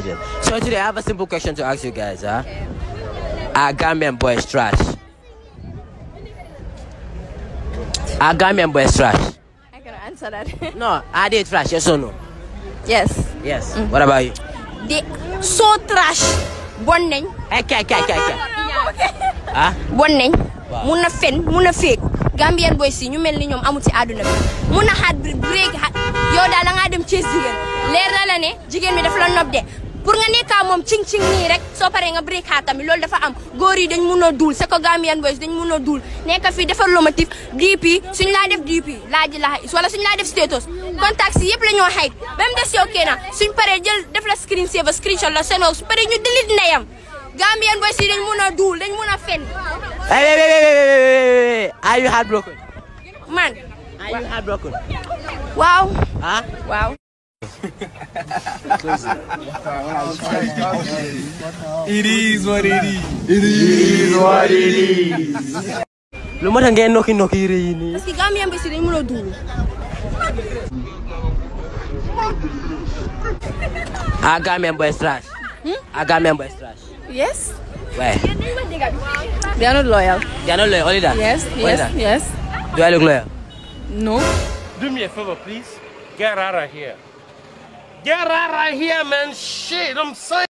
Imagine. So today I have a simple question to ask you guys. Huh? Okay. Are Gambian boys trash? Are Gambian boys trash? I can answer that. no, are they trash? Yes or no? Yes. Yes. Mm. What about you? They so trash. One name. Eh, okay, okay, okay, okay. ah. One name. Wow. Mun na fen, mun fake. Gambian boys yi ñu mel ni ñoom amu ci àdduna bi mun a xaat break yow daal la ngaa dem leer na la ne jigen mi daf la nob de pour nga nekkaa mom cing-cing ni rek so paree nga break khatam lolou dafa am gor yi dañ mëno dul sa ko gamian boys dañ mëno dul duul fi defal defar DP suñ la def DP laaji la wala suñ la def status contact si yep lañu hay bam dess yow kena suñ paree jël def la screen save screenshot la seno su paree ñu delete ndeyam gamian boys yi dañ mun a duul dañ ay ay ay Are you heartbroken? Man. Are you heartbroken? Wow. Huh? Wow it is what it is. It is what it is. Lo mau noki noki ini. Sigambi kami sile mulo dulu. Aga member is trash. Hmm? Aga member is Yes. Where? They are not loyal. They are not loyal, only that? Yes, yes, yes. Do I look loyal? No. Do me a favor, please. Get out of here. Get out of here, man. Shit, I'm saying.